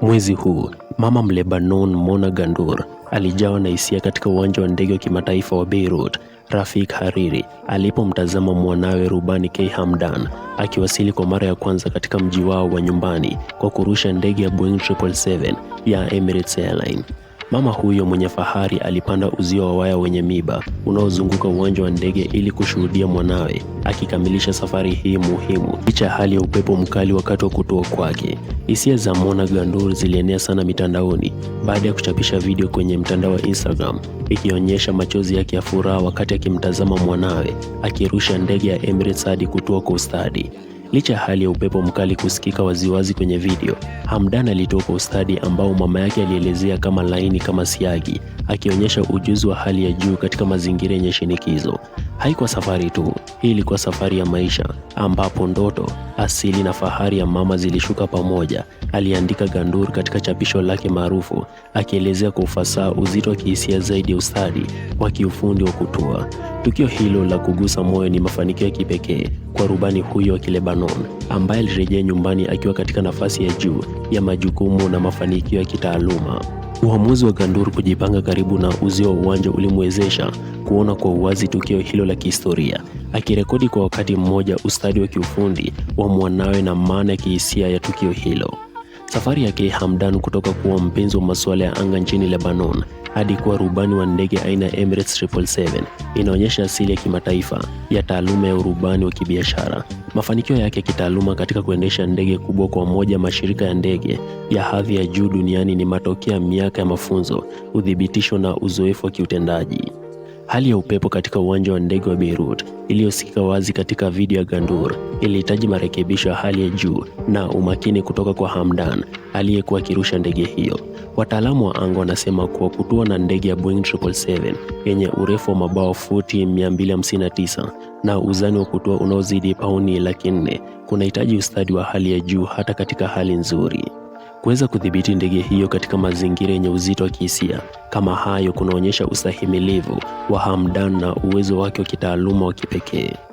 Mwezi huu mama Mlebanon Mona Gandour alijawa na hisia katika uwanja wa ndege wa kimataifa wa Beirut Rafik Hariri alipomtazama mwanawe rubani K Hamdan akiwasili kwa mara ya kwanza katika mji wao wa nyumbani kwa kurusha ndege ya Boeing 777 ya Emirates Airline. Mama huyo mwenye fahari alipanda uzio wa waya wenye miba unaozunguka uwanja wa ndege ili kushuhudia mwanawe akikamilisha safari hii muhimu, licha ya hali ya upepo mkali wakati wa kutua kwake. Hisia za Mona gandur zilienea sana mitandaoni baada ya kuchapisha video kwenye mtandao wa Instagram ikionyesha machozi yake ya furaha wakati akimtazama mwanawe akirusha ndege ya Emirates hadi kutua kwa ustadi. Licha ya hali ya upepo mkali kusikika waziwazi kwenye video, Hamdan alitoa kwa ustadi ambao mama yake alielezea kama laini kama siagi, akionyesha ujuzi wa hali ya juu katika mazingira yenye shinikizo. Haikuwa safari tu, hii ilikuwa safari ya maisha ambapo ndoto, asili na fahari ya mama zilishuka pamoja, aliandika Gandour katika chapisho lake maarufu, akielezea kwa ufasaha uzito wa kihisia zaidi ya ustadi wa kiufundi wa kutua Tukio hilo la kugusa moyo ni mafanikio ya kipekee kwa rubani huyo wa Kilebanon ambaye alirejea nyumbani akiwa katika nafasi ya juu ya majukumu na mafanikio ya kitaaluma. Uamuzi wa gandur kujipanga karibu na uzio wa uwanja ulimwezesha kuona kwa uwazi tukio hilo la kihistoria, akirekodi kwa wakati mmoja ustadi wa kiufundi wa mwanawe na maana ya kihisia ya tukio hilo. Safari yake Hamdan kutoka kuwa mpenzi wa masuala ya anga nchini Lebanon hadi kuwa rubani wa ndege aina ya Emirates 777. Inaonyesha asili ya kimataifa ya taaluma ya urubani wa kibiashara. Mafanikio yake ya kitaaluma katika kuendesha ndege kubwa kwa moja mashirika ya ndege ya hadhi ya juu duniani ni matokeo ya miaka ya mafunzo, uthibitisho na uzoefu wa kiutendaji. Hali ya upepo katika uwanja wa ndege wa Beirut iliyosikika wazi katika video ya Gandour ilihitaji marekebisho ya hali ya juu na umakini kutoka kwa Hamdan aliyekuwa akirusha ndege hiyo. Wataalamu wa anga wanasema kuwa kutua na ndege ya Boeing 777 yenye urefu wa mabawa futi 259 na uzani wa kutua unaozidi pauni laki nne kunahitaji ustadi wa hali ya juu hata katika hali nzuri. Kuweza kudhibiti ndege hiyo katika mazingira yenye uzito wa kihisia kama hayo kunaonyesha ustahimilivu wa Hamdan na uwezo wake wa kitaaluma wa kipekee.